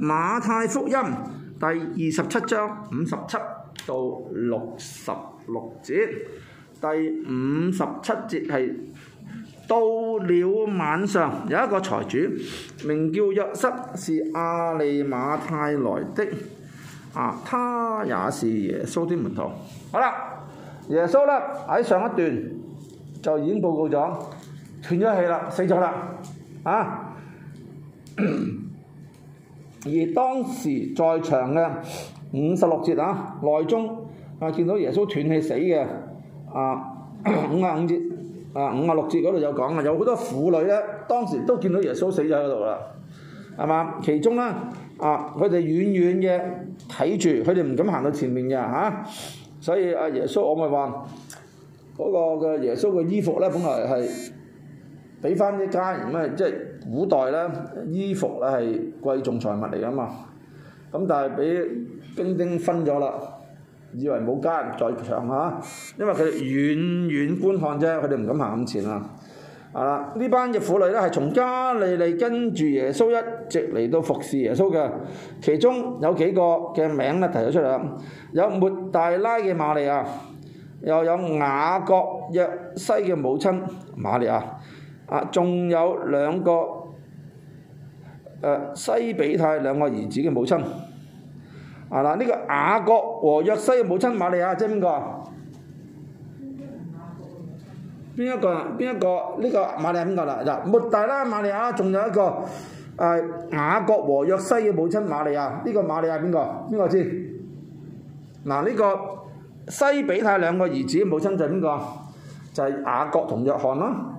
馬太福音第二十七章五十七到六十六節，第五十七節係到了晚上，有一個財主名叫約瑟，是亞利馬太來的，啊，他也是耶穌的門徒。好啦，耶穌咧喺上一段就已經報告咗，斷咗氣啦，死咗啦，啊。 而當時在場嘅、啊啊啊五,五，啊、五十六節啊，內中啊見到耶穌斷氣死嘅啊五啊五節啊五啊六節嗰度有講啊，有好多婦女咧，當時都見到耶穌死咗喺度啦，係嘛？其中咧啊，佢哋遠遠嘅睇住，佢哋唔敢行到前面嘅嚇、啊。所以阿、啊、耶穌，我咪話嗰個嘅耶穌嘅衣服咧，本來係畀翻啲家人咩，即係。古代咧，衣服咧係貴重財物嚟㗎嘛，咁但係俾兵丁分咗啦，以為冇家人在場嚇，因為佢哋遠遠觀看啫，佢哋唔敢行咁前啊。係啦，呢班嘅婦女咧係從加利利跟住耶穌一直嚟到服侍耶穌嘅，其中有幾個嘅名咧提咗出嚟啦，有抹大拉嘅瑪利亞，又有雅各約西嘅母親瑪利亞。啊，仲有兩個誒西比泰兩個兒子嘅母親。啊嗱，呢個雅各和約西嘅母親瑪利亞即係邊個？邊一個？邊一個？呢個瑪利亞係邊個啦？嗱，抹大拉瑪利亞，仲有一個誒雅各和約西嘅母親瑪利亞。呢個瑪利亞係邊個？邊個知？嗱，呢個西比泰兩個兒子嘅母親就係邊個？就係、是、雅各同約翰咯、啊。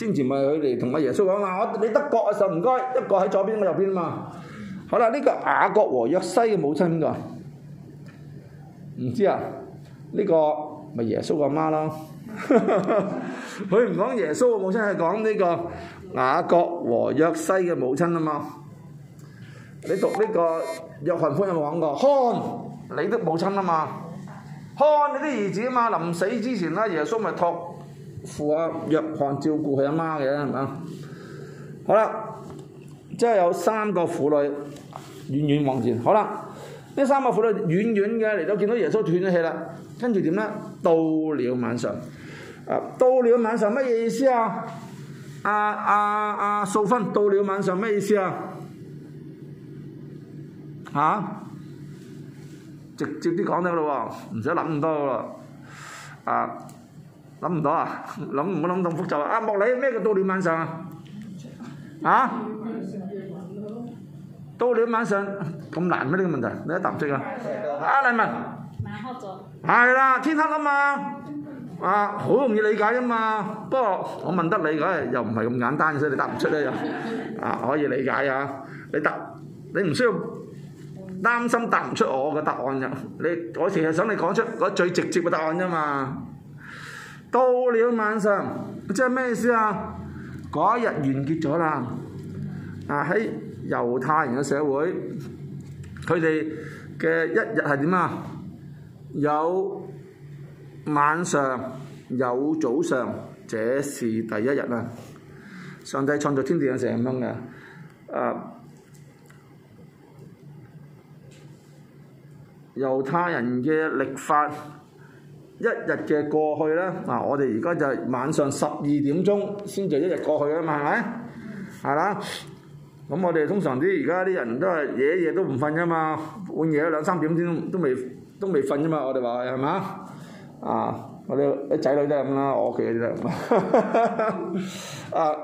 先前咪佢哋同阿耶穌講話，我你德國嘅時候唔該，一個喺左邊，一個右邊啊嘛。好啦，呢、這個雅各和約西嘅母親邊個？唔知啊？呢、這個咪耶穌阿媽咯。佢唔講耶穌嘅母親，係講呢個雅各和約西嘅母親啊嘛。你讀呢個約翰福音有冇講過？看你的母親啊嘛，看你的兒子啊嘛。臨死之前咧，耶穌咪託。扶阿約翰照顧佢阿媽嘅係咪？好啦，即係有三個婦女，女遠遠望住。好啦，呢三個婦女遠遠嘅嚟到，見到耶穌斷咗氣啦。跟住點咧？到了晚上，啊，到了晚上乜嘢意思啊？啊啊啊，素芬，到了晚上咩意思啊？吓、啊？直接啲講得咯喎，唔使諗咁多咯，啊！諗唔到啊！諗唔到，諗咁複雜啊！阿莫李，咩叫到了晚上啊？到了晚上咁難咩？呢個問題你答唔出啊！阿麗文，晚黑咗，係啦，天黑啊嘛，啊好容易理解噶嘛。不過我問得你嗰又唔係咁簡單，所以你答唔出咧又啊可以理解啊。你答你唔需要擔心答唔出我個答案咋？你我淨係想你講出嗰最直接嘅答案啫嘛。到了晚上，即係咩意思啊？嗰一日完結咗啦。啊喺猶太人嘅社會，佢哋嘅一日係點啊？有晚上，有早上，這是第一日啊。上帝創造天地嘅時候係咁樣嘅。啊、呃，猶太人嘅曆法。一日嘅過去啦，嗱、啊、我哋而家就係晚上十二點鐘先至一日過去啊嘛，係咪？係啦，咁我哋通常啲而家啲人都係夜一夜都唔瞓啊嘛，半夜兩三點鐘都未都未瞓啊嘛，我哋話係咪啊？我哋啲仔女都係咁啦，我屋企都係咁 啊！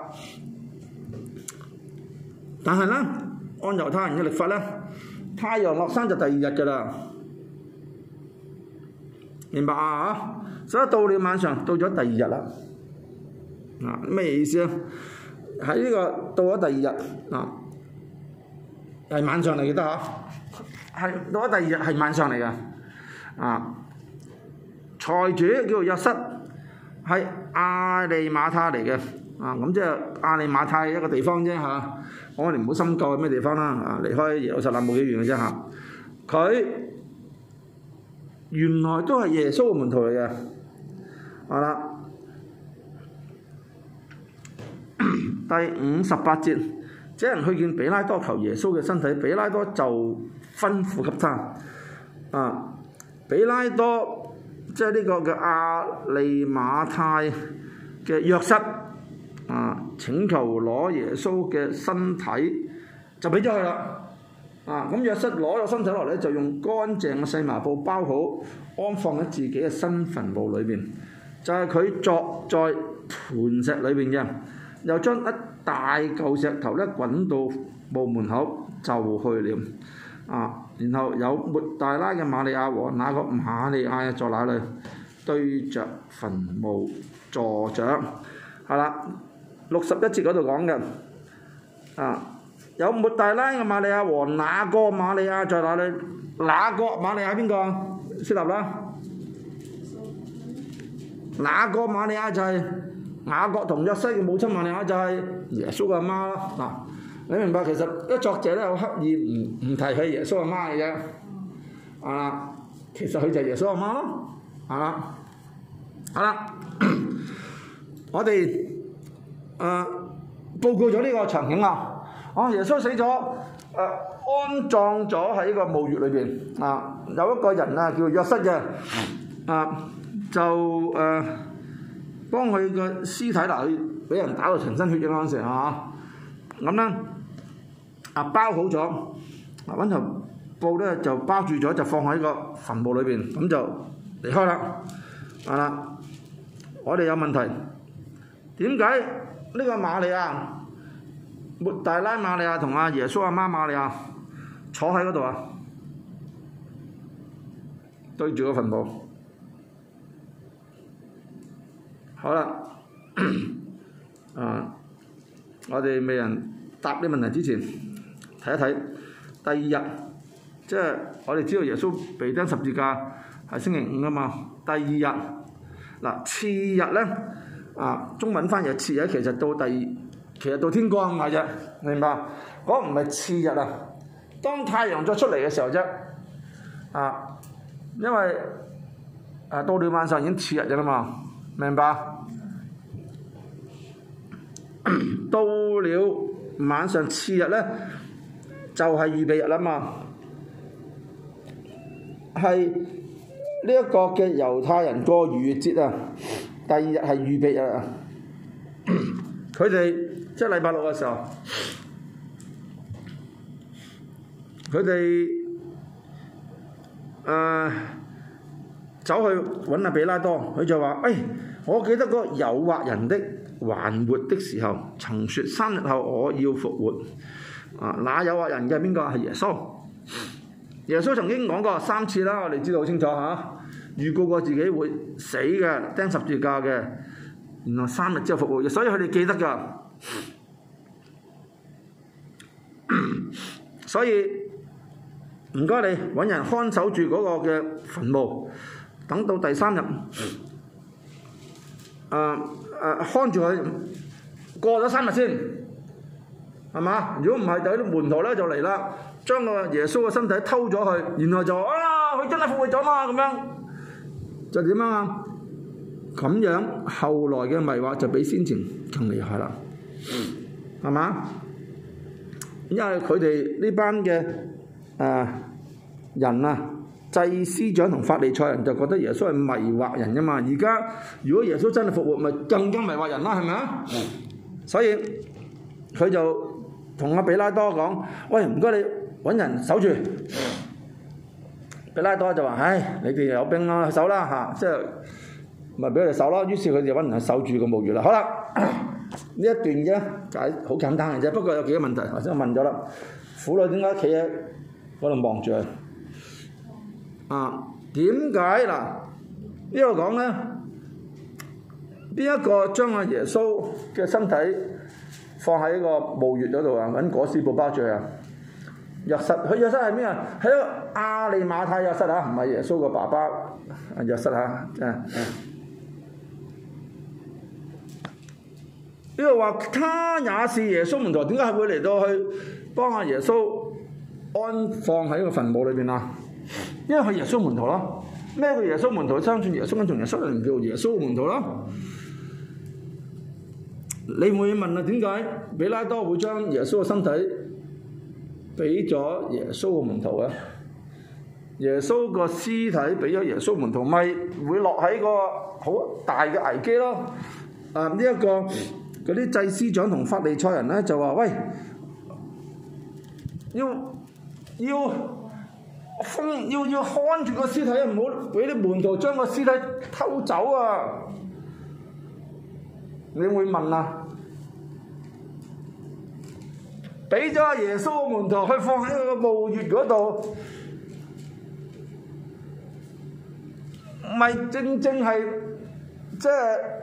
但係咧，按猶太人嘅曆法咧，太陽落山就第二日㗎啦。明白啊！所以到了晚上，到咗第二日啦。啊，咩意思啊？喺呢、這個到咗第二日，啊，係晚上嚟嘅得嗬，係到咗第二日係晚上嚟嘅。啊，財主叫做約瑟，係亞利馬太嚟嘅。啊，咁即係亞利馬太一個地方啫嚇、啊。我哋唔好深究係咩地方啦。啊，離開耶路撒冷冇幾遠嘅啫嚇。佢、啊。原來都係耶穌嘅門徒嚟嘅，好啦， 第五十八節，這人去見比拉多求耶穌嘅身體，比拉多就吩咐給他，啊，比拉多即係呢個嘅亞利馬太嘅約瑟，啊，請求攞耶穌嘅身體就俾咗佢啦。啊，咁約瑟攞咗身體落嚟，就用乾淨嘅細麻布包好，安放喺自己嘅新墳墓裏邊。就係佢坐在磐石裏邊啫，又將一大嚿石頭咧滾到墓門口就去了。啊，然後有抹大拉嘅瑪利亞和那個瑪利亞喺坐哪裏，對著墳墓坐著。係啦，六十一節嗰度講嘅，啊。有抹大拉嘅瑪利亞和那個瑪利亞在那裡？那個瑪利亞邊個？識啦，那個瑪利亞就係雅各同約西嘅母親瑪利亞，就係耶穌嘅媽啦。嗱，你明白其實一作者咧有刻意唔唔提佢耶穌阿媽嘅啫。啊，其實佢就係耶穌阿媽咯。啊，好啦，我哋誒報告咗呢個場景啊。哦，耶穌死咗，誒安葬咗喺個墓穴裏邊。啊，有一個人啊叫約瑟嘅，啊就誒幫佢個屍體啦，俾人打到全身血液嗰陣時，係嘛？咁咧啊包好咗，啊揾頭布咧就包住咗，就放喺個墳墓裏邊，咁就離開啦。係啦，我哋有問題，點解呢個瑪利亞？抹大拉瑪利亞同阿耶穌阿媽瑪利亞坐喺嗰度啊，對住個墳墓。好啦， 啊，我哋未人答呢問題之前，睇一睇第二日，即係我哋知道耶穌被釘十字架係星期五啊嘛。第二日，嗱，啊，次日咧，啊中文翻譯次日其實到第二。其實到天光咪啫，明白？嗰唔係次日啊，當太陽再出嚟嘅時候啫、啊，因為到、啊、了晚上已經次日咗啦嘛，明白？到 了晚上次日咧，就係、是、預備日啦嘛，係呢一個嘅猶太人過逾越節啊，第二日係預備日啊，佢哋。 即係禮拜六嘅時候，佢哋誒走去揾阿比拉多，佢就話：誒、哎，我記得嗰個誘惑人的還活的時候，曾説三日後我要復活。啊，哪有誘惑人嘅邊個？係耶穌。耶穌曾經講過三次啦，我哋知道好清楚吓。預、啊、告過自己會死嘅，釘十字架嘅，然後三日之後復活嘅，所以佢哋記得㗎。 所以唔該你揾人看守住嗰個嘅墳墓，等到第三日、呃呃，看住佢過咗三日先，係嘛？如果唔係，就啲門徒呢就嚟啦，將個耶穌嘅身體偷咗去，然後就啊佢真係復活咗嘛咁樣，就點樣啊？咁樣後來嘅迷惑就比先前更厲害啦。係嘛、嗯？因為佢哋呢班嘅誒人啊，祭司長同法利賽人就覺得耶穌係迷惑人㗎嘛。而家如果耶穌真係復活，咪更加迷惑人啦，係咪啊？所以佢就同阿比拉多講：「喂，唔該，你搵人守住。」比拉多就話：「唉，你哋有兵啦，去守啦吓。」，即係咪俾佢哋守咯？於是佢哋搵人守住個墓穴啦。好啦。呃呢一段嘅解好簡單嘅啫，不過有幾個問題，頭先我問咗啦。婦女點解企喺嗰度望住佢啊，點解嗱？呢個講呢，邊一個將阿耶穌嘅身體放喺個墓穴嗰度啊？揾果斯布包住啊？約瑟，佢約瑟係邊啊？係一個亞利馬太約瑟啊？唔係耶穌嘅爸爸，係約瑟啊！嗯呢個話他也是耶穌門徒，點解會嚟到去幫下耶穌安放喺個墳墓裏面啊？因為係耶穌門徒咯，咩叫耶穌門徒？相信耶穌跟從耶穌嘅人叫耶穌門徒咯。你會問啊，點解比拉多會將耶穌嘅身體俾咗耶穌嘅門徒啊？耶穌個屍體俾咗耶穌門徒，咪會落喺個好大嘅危機咯？啊，呢一個。嗰啲祭司長同法利賽人咧就話：喂，要要要，要看住個屍體，唔好俾啲門徒將個屍體偷走啊！你會問啊？俾咗阿耶穌個門徒去放喺佢個墓穴嗰度，唔係正正係係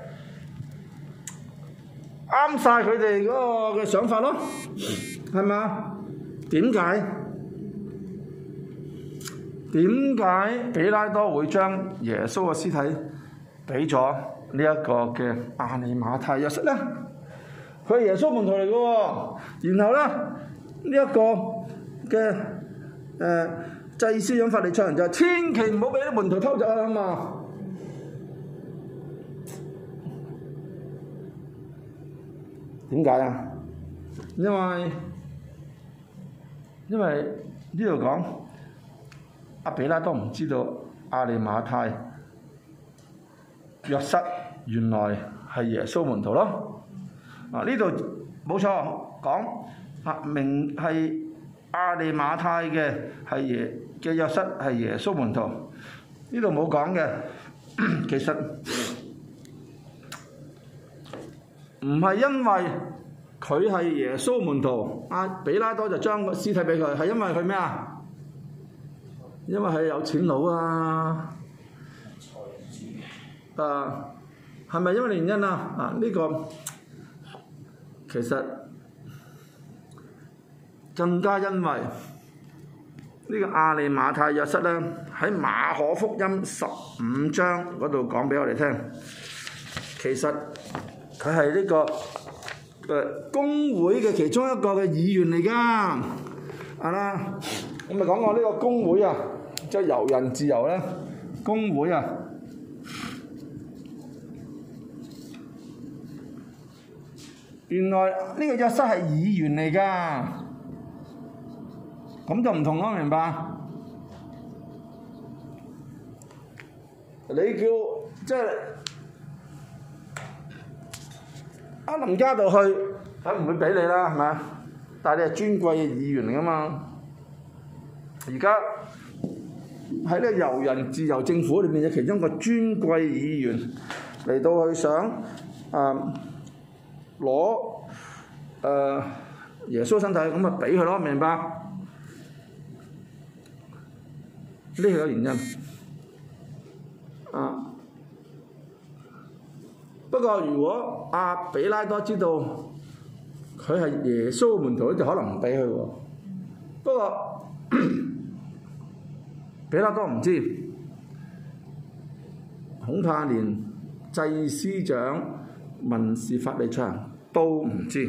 啱晒佢哋嗰個嘅想法咯，係嘛？點解點解比拉多會將耶穌嘅屍體畀咗呢一個嘅阿尼馬太約瑟咧？佢係耶穌門徒嚟嘅喎，然後咧呢一、這個嘅誒、呃、祭司長法利賽人就是、千祈唔好俾啲門徒偷走啊嘛！點解啊？因為因為呢度講阿比拉都唔知道亞利馬太約瑟原來係耶穌門徒咯。啊，呢度冇錯講，啊明係亞利馬太嘅係耶嘅約瑟係耶穌門徒。呢度冇講嘅其實。唔係因為佢係耶穌門徒，阿、啊、彼拉多就將個屍體畀佢，係因為佢咩啊？因為佢有錢佬啊！啊，係咪因為原因啊？呢、啊這個其實更加因為呢、這個亞利馬太約瑟呢，喺馬可福音十五章嗰度講畀我哋聽，其實。佢係呢個誒工會嘅其中一個嘅議員嚟㗎，係啦。咁咪講我呢個工會啊，即係由人自由咧，工會啊，原來呢個一室係議員嚟㗎，咁就唔同咯，明白？你叫即係。阿林家道去，佢唔會俾你啦，係咪？但係你係尊貴嘅議員嚟噶嘛？而家喺呢個遊人自由政府裏面嘅其中一個尊貴議員嚟到去，想啊攞誒耶穌身體，咁咪俾佢咯，明白？呢個有原因啊。不過，如果阿比拉多知道佢係耶穌嘅門徒，就可能唔俾佢喎。不過， 比拉多唔知，恐怕連祭司長、民事法理長都唔知，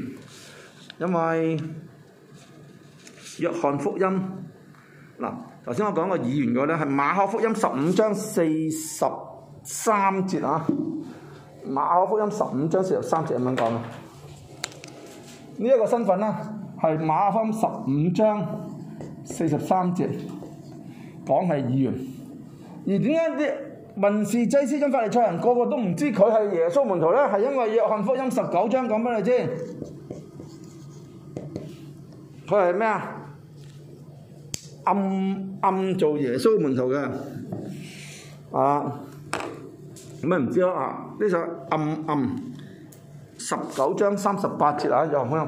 因為約翰福音。嗱，頭先我講個議員嗰呢，係馬可福音十五章四十三節啊。馬可福音十五章四十三節咁樣講啊，呢、這、一個身份呢，係馬可福音十五章四十三節講係議員。而點解啲文事祭司跟法利賽人個個都唔知佢係耶穌門徒咧？係因為約翰福音十九章講俾你知，佢係咩啊？暗暗做耶穌門徒嘅啊！咁啊，唔知啦啊，呢首暗暗十九章三十八節啊，有冇啊？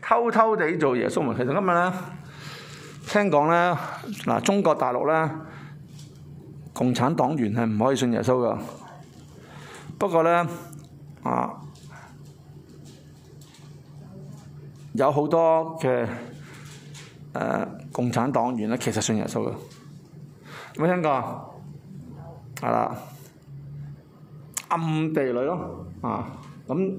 偷偷地做耶穌啊！其實今日咧，聽講咧，嗱，中國大陸咧，共產黨員係唔可以信耶穌㗎。不過咧啊～有好多嘅誒、呃、共產黨員咧，其實信耶穌嘅，有冇聽過？係啦，暗地裏咯，啊，咁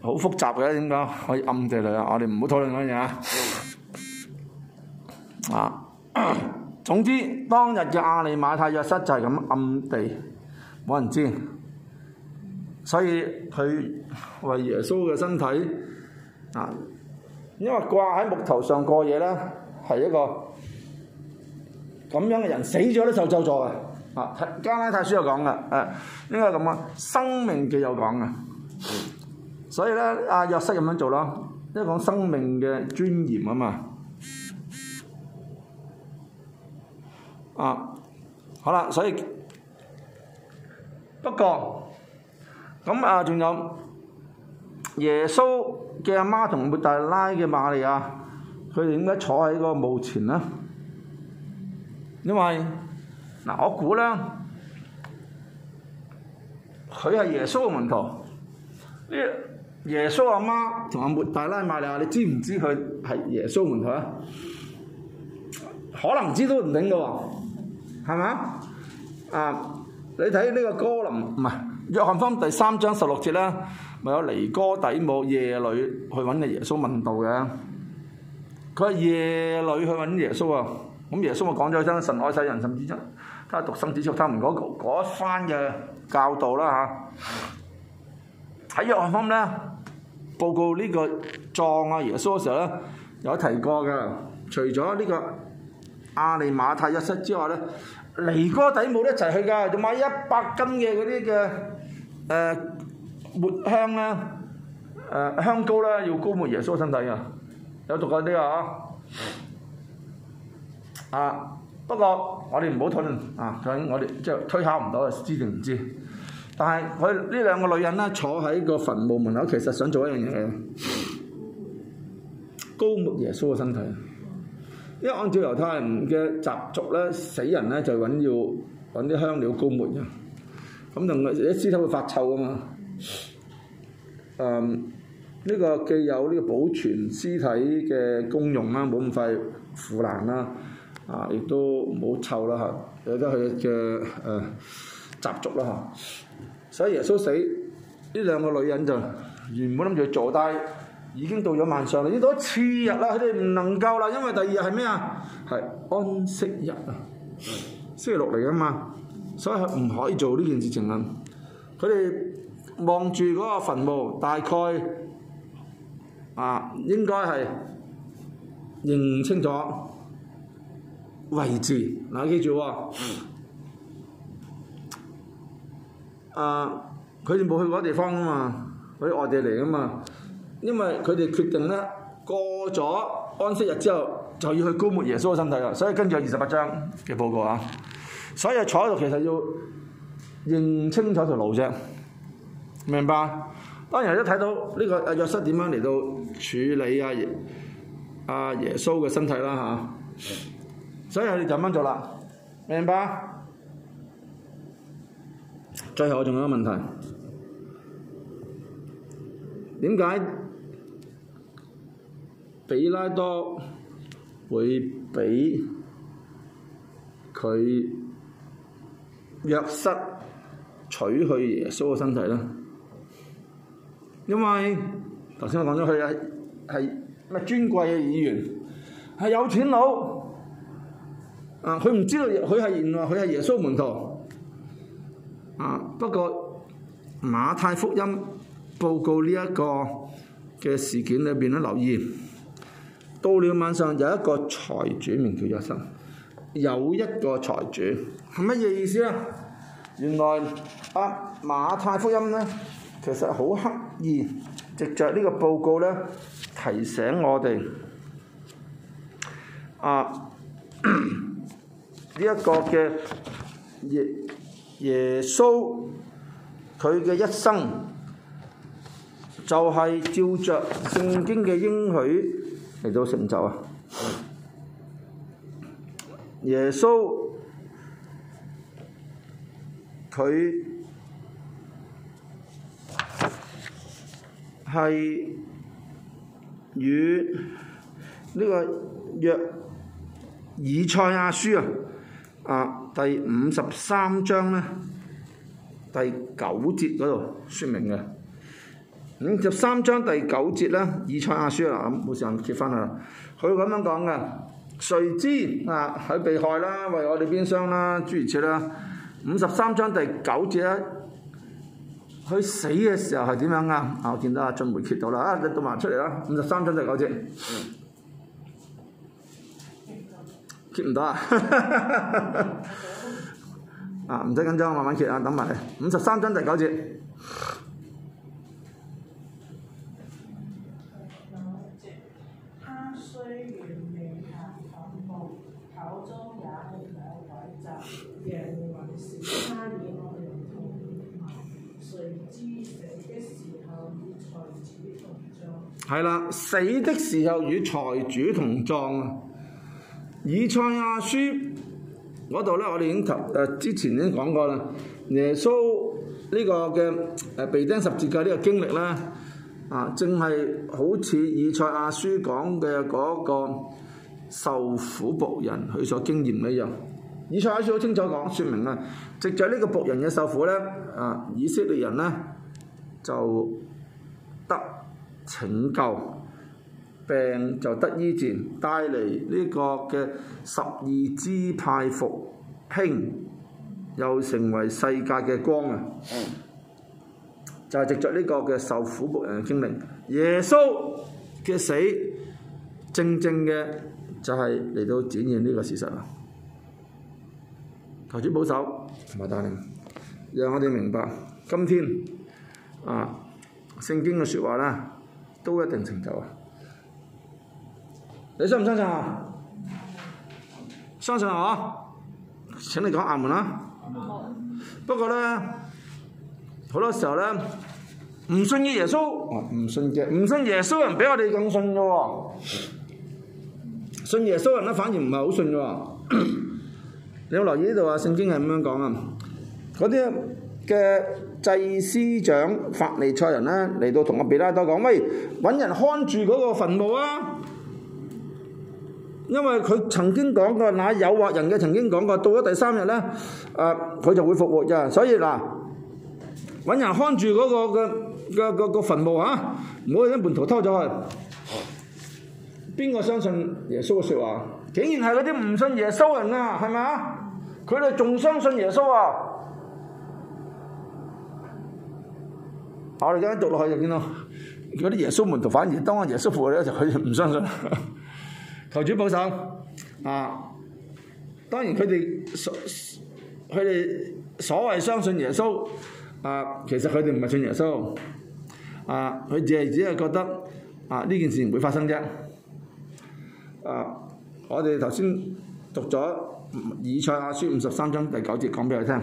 好複雜嘅點講？應該可以暗地裏啊，我哋唔好討論嗰啲嘢啊。 啊，總之當日嘅亞利馬太約瑟就係咁暗地，冇人知，所以佢為耶穌嘅身體啊。因為掛喺木頭上過夜咧，係一個咁樣嘅人死咗都受咒詛嘅。啊，加拉太書有講噶，誒，應該咁啊，生命嘅有講嘅，所以咧啊，約瑟咁樣做咯，因為講生命嘅尊嚴啊嘛。啊，好啦，所以不過咁啊，仲有耶穌嘅阿媽同抹大拉嘅瑪利亞，佢哋點解坐喺個墓前咧？因為嗱，我估咧，佢係耶穌嘅門徒。呢耶，耶穌阿媽同阿抹大拉瑪利亞，你知唔知佢係耶穌門徒啊？可能知都唔定㗎喎，係咪？啊，你睇呢個歌林唔係約翰福音第三章十六節啦。咪有尼哥底母夜裏去揾嘅耶穌問道嘅，佢係夜裏去揾耶穌喎，咁耶穌咪講咗真神愛世人，甚至真，睇下獨生子做他們嗰嗰一番嘅教導啦嚇。喺約翰方面咧，報告呢個葬啊耶穌嘅時候咧，有提過㗎。除咗呢個亞利馬太日出之外咧，尼哥底母都一齊去㗎，就買一百斤嘅嗰啲嘅誒。抹香啦，誒、呃、香膏啦，要膏抹耶穌身體啊！有毒嗰啲啊，啊，不過我哋唔好討論啊，究竟我哋即係推敲唔到，知定唔知？但係佢呢兩個女人咧，坐喺個墳墓門口，其實想做一樣嘢，膏抹耶穌嘅身體。因為按照猶太人嘅習俗咧，死人咧就揾要揾啲香料膏抹嘅，咁同埋啲屍體會發臭啊嘛～嗯，呢、這個既有呢個保存屍體嘅功用啦，冇咁快腐爛啦，啊，亦都冇臭啦嚇、啊，有得佢嘅誒習俗啦嚇、啊。所以耶穌死，呢兩個女人就原本諗住坐低，已經到咗晚上，已經到次日啦，佢哋唔能夠啦，因為第二日係咩啊？係安息日啊，是星期六嚟啊嘛，所以唔可以做呢件事情啦。佢哋。望住嗰個墳墓，大概啊應該係認清楚位置。嗱、啊，記住喎、哦嗯，啊佢哋冇去過嗰地方啊嘛，佢喺外地嚟啊嘛。因為佢哋決定呢過咗安息日之後，就要去膏抹耶穌嘅身體啦。所以跟住有二十八章嘅報告啊，所以坐喺度其實要認清楚條路啫。明白，當然都睇到呢個啊約瑟點樣嚟到處理啊阿耶穌嘅、啊、身體啦嚇，啊嗯、所以佢就咁樣做啦。明白。最後仲有一個問題，點解比拉多會俾佢約瑟取去耶穌嘅身體呢？因為頭先我講咗佢係係咩尊貴嘅議員，係有錢佬。啊，佢唔知道，佢係原來佢係耶穌門徒。啊，不過馬太福音報告呢、這、一個嘅事件裏邊咧，留意到了晚上有一個財主名叫約瑟，有一個財主係乜嘢意思咧？原來阿、啊、馬太福音咧。其實好刻意藉著呢個報告呢，提醒我哋啊，呢一、這個嘅耶耶穌佢嘅一生就係、是、照着聖經嘅應許嚟到成就啊！耶穌佢。係與呢個約以賽亞書啊，啊第五十三章咧第九節嗰度説明嘅。五十三章第九節咧，以賽亞書啊，冇時間揭翻去啦。佢咁樣講嘅，誰知啊，佢被、啊、害啦，為我哋鞭傷啦，諸如此啦。五十三章第九節咧。佢死嘅時候係點樣啊？啊，我見到阿、啊、俊梅揭到啦！啊，你讀埋出嚟啦，五十三章第九節，嗯、揭唔到啊！ 啊，唔使緊張，慢慢揭啊，等埋你，五十三章第九節。係啦，死的時候與財主同葬。以賽亞書嗰度咧，我哋已經、呃、之前已經講過啦。耶穌呢個嘅誒被釘十字架呢個經歷呢，啊，正係好似以賽亞書講嘅嗰個受苦僕人佢所經驗一樣。以賽亞書好清楚講，説明啊，藉著呢個僕人嘅受苦呢，啊，以色列人呢就，拯救病就得醫治，帶嚟呢個嘅十二支派復興，又成為世界嘅光啊！嗯、就係藉着呢個嘅受苦僕人嘅經歷，耶穌嘅死正正嘅就係嚟到展現呢個事實啊！求主保守，同埋帶領，讓我哋明白，今天啊，聖經嘅說話啦。都一定成就啊！你信唔相信啊？相信啊，可？請你講阿門啦。阿門。不過呢，好多時候咧，唔信嘅耶穌，唔信嘅唔信耶穌人比我哋更信嘅喎，信耶穌人咧反而唔係好信嘅喎。 你有冇留意呢度啊？聖經係咁樣講啊？嗰啲。嘅祭司長法利賽人咧，嚟到同阿比拉多講：喂，揾人看住嗰個墳墓啊！因為佢曾經講過，那誘惑人嘅曾經講過，到咗第三日咧，誒、呃、佢就會復活啫。所以嗱，揾、啊、人看住嗰、那個嘅嘅嘅墳墓啊，唔好去喺門徒偷走啊！邊個相信耶穌嘅説話？竟然係嗰啲唔信耶穌人啊，係咪啊？佢哋仲相信耶穌啊！我哋而家讀落去就見到嗰啲耶穌門徒，反而當阿耶穌復活咧，就佢唔相信呵呵，求主保守啊！當然佢哋所佢哋所謂相信耶穌啊，其實佢哋唔係信耶穌啊，佢只係只係覺得啊呢件事唔會發生啫。啊！我哋頭先讀咗以賽亞書五十三章第九節，講俾佢聽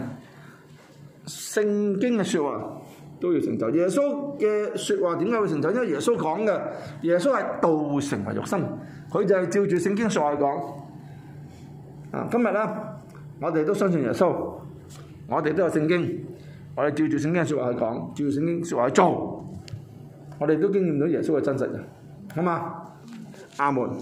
聖經嘅說話。都要成就。耶穌嘅説話點解會成就？因為耶穌講嘅，耶穌係道成為肉身，佢就係照住聖經説話講。啊，今日咧，我哋都相信耶穌，我哋都有聖經，我哋照住聖經嘅説話去講，照住聖經説話去做，我哋都經驗到耶穌嘅真實嘅，好嘛？阿門。